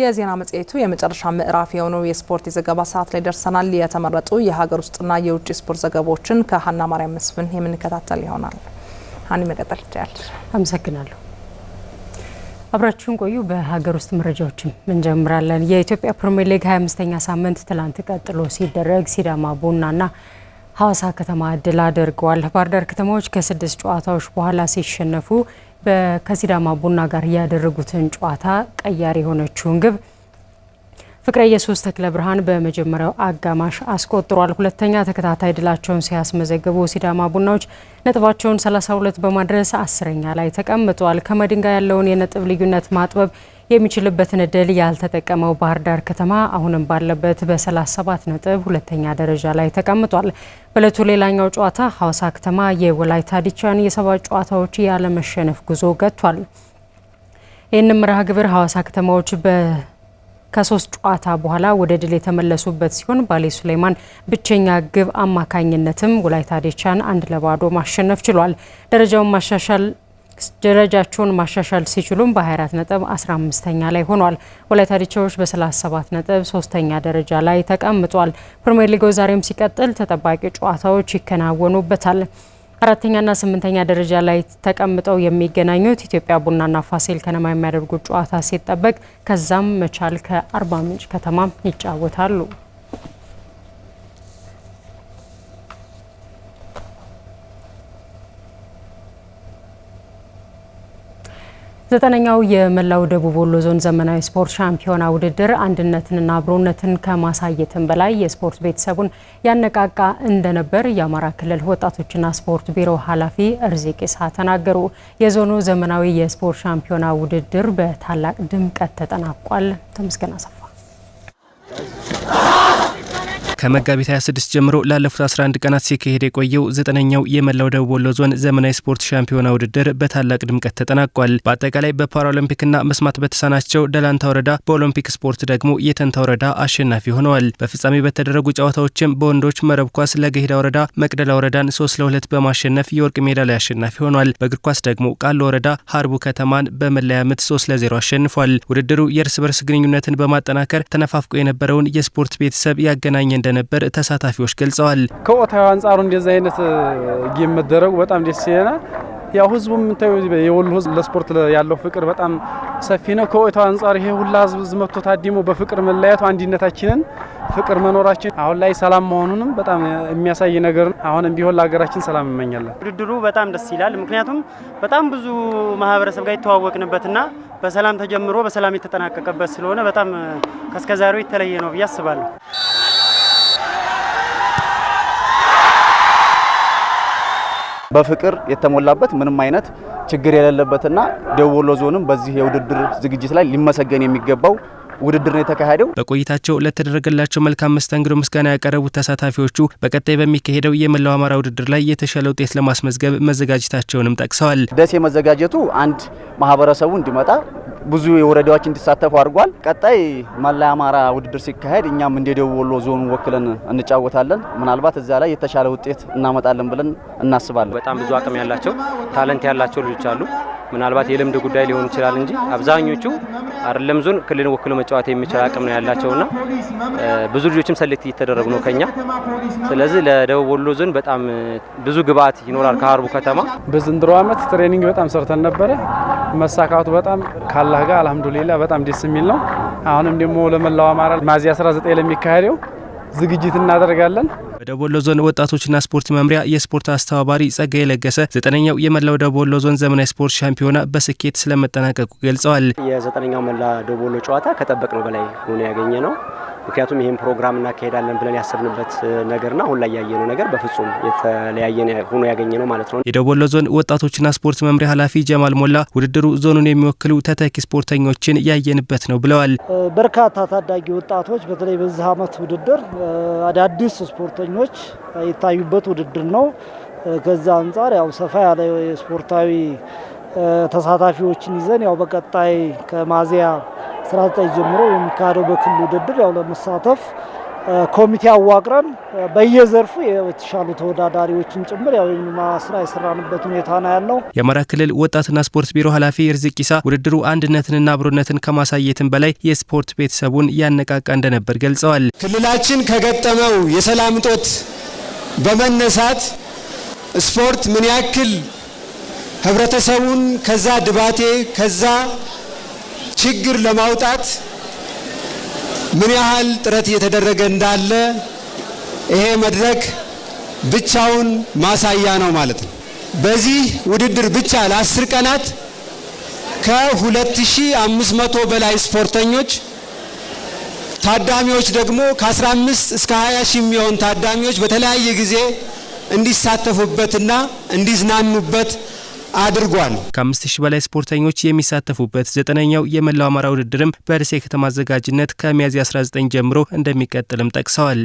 የዜና መጽሔቱ የመጨረሻ ምዕራፍ የሆነው የስፖርት የዘገባ ሰዓት ላይ ደርሰናል። የተመረጡ የሀገር ውስጥና የውጭ ስፖርት ዘገባዎችን ከሀና ማርያም መስፍን የምንከታተል ይሆናል። ሀኒ መቀጠል ይችላል። አመሰግናለሁ። አብራችሁን ቆዩ። በሀገር ውስጥ መረጃዎችም እንጀምራለን። የኢትዮጵያ ፕሪሚየር ሊግ 25ኛ ሳምንት ትላንት ቀጥሎ ሲደረግ ሲዳማ ቡናና ሀዋሳ ከተማ እድል አድርገዋል። ባህር ዳር ከተማዎች ከስድስት ጨዋታዎች በኋላ ሲሸነፉ ከሲዳማ ቡና ጋር ያደረጉትን ጨዋታ ቀያሪ የሆነችውን ግብ ፍቅረ ኢየሱስ ተክለ ብርሃን በመጀመሪያው አጋማሽ አስቆጥሯል። ሁለተኛ ተከታታይ ድላቸውን ሲያስመዘግቡ ሲዳማ ቡናዎች ነጥባቸውን 32 በማድረስ አስረኛ ላይ ተቀምጧል። ከመድንጋ ያለውን የነጥብ ልዩነት ማጥበብ የሚችልበትን እድል ያልተጠቀመው ባህር ዳር ከተማ አሁንም ባለበት በ37 ነጥብ ሁለተኛ ደረጃ ላይ ተቀምጧል። በእለቱ ሌላኛው ጨዋታ ሐዋሳ ከተማ የወላይታ ዲቻን የሰባት ጨዋታዎች ያለመሸነፍ ጉዞ ገጥቷል። ይህንም መርሃ ግብር ሐዋሳ ከተማዎች በ ከሶስት ጨዋታ በኋላ ወደ ድል የተመለሱበት ሲሆን ባሌ ሱሌማን ብቸኛ ግብ አማካኝነትም ወላይታ ዲቻን አንድ ለባዶ ማሸነፍ ችሏል። ደረጃውን ማሻሻል ደረጃቸውን ማሻሻል ሲችሉም በ24 ነጥብ 15ኛ ላይ ሆኗል። ወላይታ ዲቻዎች በ37 ነጥብ ሶስተኛ ደረጃ ላይ ተቀምጧል። ፕሪምየር ሊጉ ዛሬም ሲቀጥል ተጠባቂ ጨዋታዎች ይከናወኑበታል። አራተኛና ስምንተኛ ደረጃ ላይ ተቀምጠው የሚገናኙት ኢትዮጵያ ቡናና ፋሲል ከነማ የሚያደርጉት ጨዋታ ሲጠበቅ ከዛም መቻል ከአርባ ምንጭ ከተማ ይጫወታሉ። ዘጠነኛው የመላው ደቡብ ወሎ ዞን ዘመናዊ ስፖርት ሻምፒዮና ውድድር አንድነትንና አብሮነትን ከማሳየትም በላይ የስፖርት ቤተሰቡን ያነቃቃ እንደነበር የአማራ ክልል ወጣቶችና ስፖርት ቢሮ ኃላፊ እርዚቅ ኢሳ ተናገሩ። የዞኑ ዘመናዊ የስፖርት ሻምፒዮና ውድድር በታላቅ ድምቀት ተጠናቋል። ተመስገን አሰፋ ከመጋቢት 26 ጀምሮ ላለፉት 11 ቀናት ሲካሄድ የቆየው ዘጠነኛው የመላው ደቡብ ወሎ ዞን ዘመናዊ ስፖርት ሻምፒዮና ውድድር በታላቅ ድምቀት ተጠናቋል። በአጠቃላይ በፓራኦሎምፒክና መስማት በተሳናቸው ደላንታ ወረዳ፣ በኦሎምፒክ ስፖርት ደግሞ የተንታ ወረዳ አሸናፊ ሆነዋል። በፍጻሜ በተደረጉ ጨዋታዎችም በወንዶች መረብ ኳስ ለገሄዳ ወረዳ መቅደላ ወረዳን 3 ለሁለት በማሸነፍ የወርቅ ሜዳሊያ አሸናፊ ሆኗል። በእግር ኳስ ደግሞ ቃሉ ወረዳ ሀርቡ ከተማን በመለያ ምት 3 ለ0 አሸንፏል። ውድድሩ የእርስ በርስ ግንኙነትን በማጠናከር ተነፋፍቆ የነበረውን የስፖርት ቤተሰብ ያገናኘ እንደነ እንደነበር ተሳታፊዎች ገልጸዋል። ከወቅታዊ አንጻሩ እንደዚህ አይነት ጌም መደረጉ በጣም ደስ ይለናል። ያው ህዝቡም የምታዩ የወሎ ህዝብ ለስፖርት ያለው ፍቅር በጣም ሰፊ ነው። ከወቅታዊ አንጻር ይሄ ሁላ ህዝብ ዝመቶ ታዲሞ በፍቅር መለያቱ አንድነታችንን ፍቅር መኖራችን አሁን ላይ ሰላም መሆኑንም በጣም የሚያሳይ ነገር ነው። አሁንም ቢሆን ለሀገራችን ሰላም እመኛለን። ውድድሩ በጣም ደስ ይላል። ምክንያቱም በጣም ብዙ ማህበረሰብ ጋር የተዋወቅንበትና በሰላም ተጀምሮ በሰላም የተጠናቀቀበት ስለሆነ በጣም ከእስከዛሬው የተለየ ነው ብዬ አስባለሁ። በፍቅር የተሞላበት ምንም አይነት ችግር የሌለበትና ደቡብ ወሎ ዞንም በዚህ የውድድር ዝግጅት ላይ ሊመሰገን የሚገባው ውድድር ነው የተካሄደው። በቆይታቸው ለተደረገላቸው መልካም መስተንግዶ ምስጋና ያቀረቡት ተሳታፊዎቹ በቀጣይ በሚካሄደው የመላው አማራ ውድድር ላይ የተሻለ ውጤት ለማስመዝገብ መዘጋጀታቸውንም ጠቅሰዋል። ደሴ መዘጋጀቱ አንድ ማህበረሰቡ እንዲመጣ ብዙ የወረዳዎች እንዲሳተፉ አድርጓል። ቀጣይ መላ አማራ ውድድር ሲካሄድ እኛም እንደ ደቡብ ወሎ ዞኑ ወክለን እንጫወታለን። ምናልባት እዚያ ላይ የተሻለ ውጤት እናመጣለን ብለን እናስባለን። በጣም ብዙ አቅም ያላቸው ታለንት ያላቸው ልጆች አሉ። ምናልባት የልምድ ጉዳይ ሊሆን ይችላል እንጂ አብዛኞቹ አይደለም ዞን ክልልን ወክሎ መጫወት የሚችል አቅም ነው ያላቸውና ብዙ ልጆችም ሰሌክት እየተደረጉ ነው ከኛ። ስለዚህ ለደቡብ ወሎ ዞን በጣም ብዙ ግብአት ይኖራል ከሀርቡ ከተማ። በዘንድሮ ዓመት ትሬኒንግ በጣም ሰርተን ነበረ። መሳካቱ በጣም ካላህ ጋር አልሐምዱሊላ በጣም ደስ የሚል ነው። አሁንም ደግሞ ለመላው አማራ ሚያዝያ 19 ለሚካሄደው ዝግጅት እናደርጋለን። በደቡብ ወሎ ዞን ወጣቶችና ስፖርት መምሪያ የስፖርት አስተባባሪ ጸጋዬ ለገሰ ዘጠነኛው የመላው ደቡብ ወሎ ዞን ዘመናዊ ስፖርት ሻምፒዮና በስኬት ስለመጠናቀቁ ገልጸዋል። የዘጠነኛው መላ ደቡብ ወሎ ጨዋታ ከጠበቅነው በላይ ሆኖ ያገኘ ነው። ምክንያቱም ይህን ፕሮግራም እናካሄዳለን ብለን ያሰብንበት ነገርና አሁን ላይ ያየነው ነገር በፍጹም የተለያየ ሆኖ ያገኘ ነው ማለት ነው። የደቡብ ወሎ ዞን ወጣቶችና ስፖርት መምሪያ ኃላፊ ጀማል ሞላ ውድድሩ ዞኑን የሚወክሉ ተተኪ ስፖርተኞችን ያየንበት ነው ብለዋል። በርካታ ታዳጊ ወጣቶች በተለይ በዚህ ዓመት ውድድር አዳዲስ ስፖርተኞች የታዩበት ውድድር ነው። ከዛ አንጻር ያው ሰፋ ያለ ስፖርታዊ ተሳታፊዎችን ይዘን ያው በቀጣይ ከማዚያ 19 ጀምሮ የሚካሄደው በክልል ውድድር ያው ለመሳተፍ ኮሚቴ አዋቅረን በየዘርፉ የተሻሉ ተወዳዳሪዎችን ጭምር ያው ስራ የሰራንበት ሁኔታ ነው ያለው። የአማራ ክልል ወጣትና ስፖርት ቢሮ ኃላፊ እርዝቅ ኢሳ ውድድሩ አንድነትንና አብሮነትን ከማሳየትም በላይ የስፖርት ቤተሰቡን ያነቃቃ እንደነበር ገልጸዋል። ክልላችን ከገጠመው የሰላም እጦት በመነሳት ስፖርት ምን ያክል ህብረተሰቡን ከዛ ድባቴ ከዛ ችግር ለማውጣት ምን ያህል ጥረት እየተደረገ እንዳለ ይሄ መድረክ ብቻውን ማሳያ ነው ማለት ነው። በዚህ ውድድር ብቻ ለአስር ቀናት ከ2500 በላይ ስፖርተኞች ታዳሚዎች ደግሞ ከ15 እስከ 20 ሺህ የሚሆን ታዳሚዎች በተለያየ ጊዜ እንዲሳተፉበትና እንዲዝናኑበት አድርጓል። ከአምስት ሺህ በላይ ስፖርተኞች የሚሳተፉበት ዘጠነኛው የመላው አማራ ውድድርም በእርሴ ከተማ አዘጋጅነት ከሚያዝያ 19 ጀምሮ እንደሚቀጥልም ጠቅሰዋል።